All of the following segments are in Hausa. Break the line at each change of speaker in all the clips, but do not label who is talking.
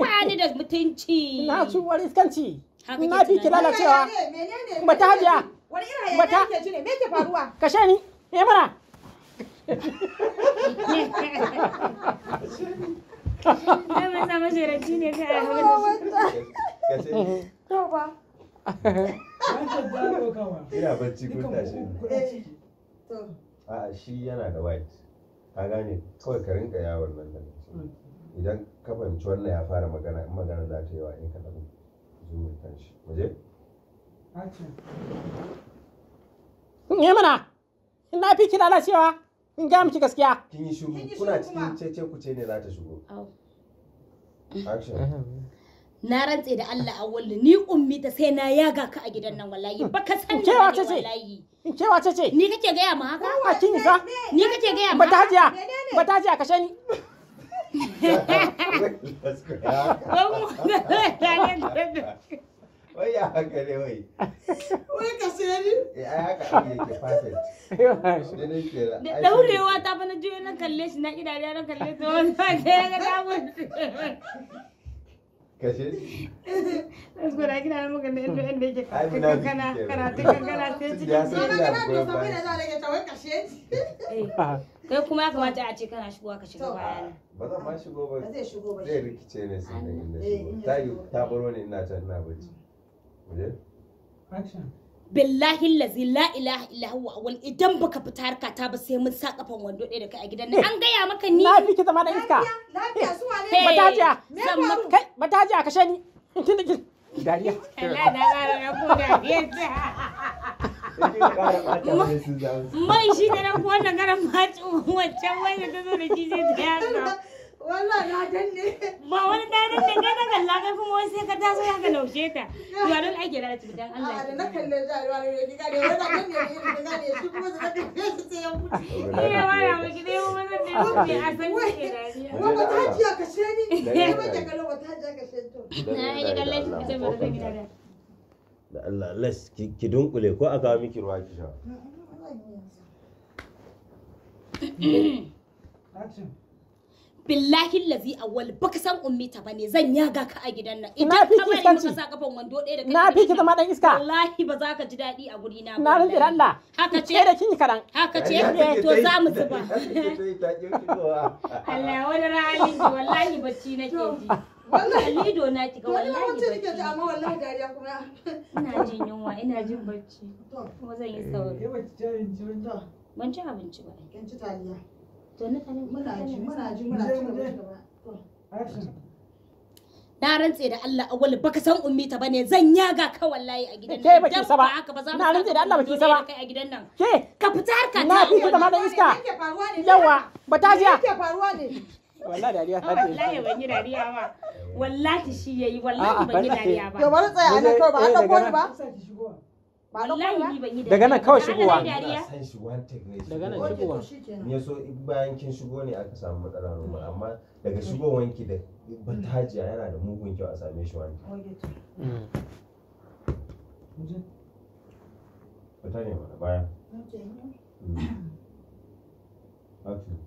ba da mutunci na ci wani iskanci na fi ki lalacewa kuma ta hajiya wani irin ke me ke faruwa ka sha ni ya eh, mana ne ka a Ina bacci tashi. Eh, A'a shi yana da white. Ka gane kawai ka rinka yawon nan da idan ka fahimci wannan ya fara magana in magana za ta wa in ka ɗan zuwa kan shi waje? in yi mana in na fi kina lalacewa in gaya miki gaskiya kin yi shugu kuna cikin cece ku ce ne za ta shigo na rantse da Allah a wallu ni ummi ta sai na yaga ka a gidan nan wallahi baka san ni wallahi in ke wace ce ni kake gaya ma haka kin isa ni kake gaya ma bata hajiya bata jiya kashe ni wai ya daurewa ta juyo na kalle shi na idare na kalle ta wani fage ya ga damar kashe na yake kankana karatun kankana sai cikin su da za a rage ta kashe kai kuma ya kamata a ce kana shigowa kashe gaba yana ba ma shigo ba zai shigo ba rikice ne sai da inda shigo ta yi ta baro ne ina can na bacci muje billahi lazi la ilaha illa huwa wal idan baka fita harka ta ba sai mun sa kafan wando ɗaya da kai a gidan nan an gaya maka ni na fi ki zama da iska lafiya zuwa ne bataja kai bataja kashe ni tun da dariya mai shi da na wannan gara maci wancan wanda ta zo da shi zai ta yasa na ne. ba wani ne kuma sai ka ka ta to don ake da ci dan Allah a na kalle za a ruwa ne ne shi kuma zaka kalle sai ya eh wala mu mu a san da ta ji ka sheni ne ba ta ta ji ka to na yi kallon ta gida da da Allah les ki dunkule ko aka miki ruwa ki sha billahi lazi awwal baka san ummi ta bane zan yaga ka a gidan nan idan ka bari muka sa kafan wando ɗaya da kai na fi ki zama dan iska wallahi ba za ka ji daɗi a guri na na rinjira ranna haka ce da kin karan haka ce eh, to za mu zuba Allah wani ra'ayin wallahi bacci nake ji wallahi ni do na wallahi wace nake ji amma wallahi dariya kuma ina jin yunwa ina jin barci kuma zan yi sauri eh wace ban ci abinci ba ci taliya to muna ji muna ji muna ci gaba na rantse da Allah awali baka san ummi ta bane zan yaga ka wallahi a gidan nan ke saba na rantse da Allah baki saba kai a gidan nan ke ka fita harka ta na fita da iska yawa batajiya ke faruwa ne wallahi dariya ta ah, ce wallahi ban yi dariya ba wallahi shi yayi wallahi ban yi dariya ba to bari tsaya kawai ba an dauko ni ba wallahi ban yi daga nan kawai shigowa san shigowa daga nan shigowa ne so bayan kin shigo ne aka samu matsala ruwa. Mm. amma daga shigowan ki da batajiya yana da mugun kyau a same shi wani mm. Okay. Mm.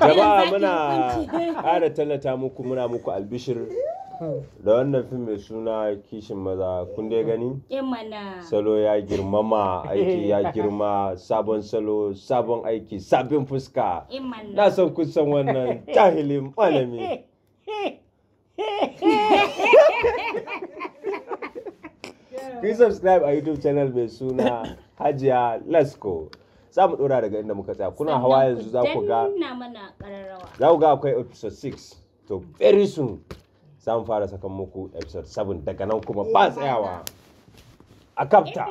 gaba muna ƙara tallata muku muna muku albishir da wannan fim mai suna kishin maza kun dai gani eh, salo ya girmama aiki ya girma sabon salo sabon aiki sabin fuska eh, na son kun san wannan jahilin malami kun subscribe a youtube channel mai suna hajiya lasko za mu dora daga inda muka tsaya kuna hawa yanzu za ku ga za ku ga akwai episode 6 to very soon za mu fara sakan muku episode 7 daga nan kuma ba tsayawa a kapta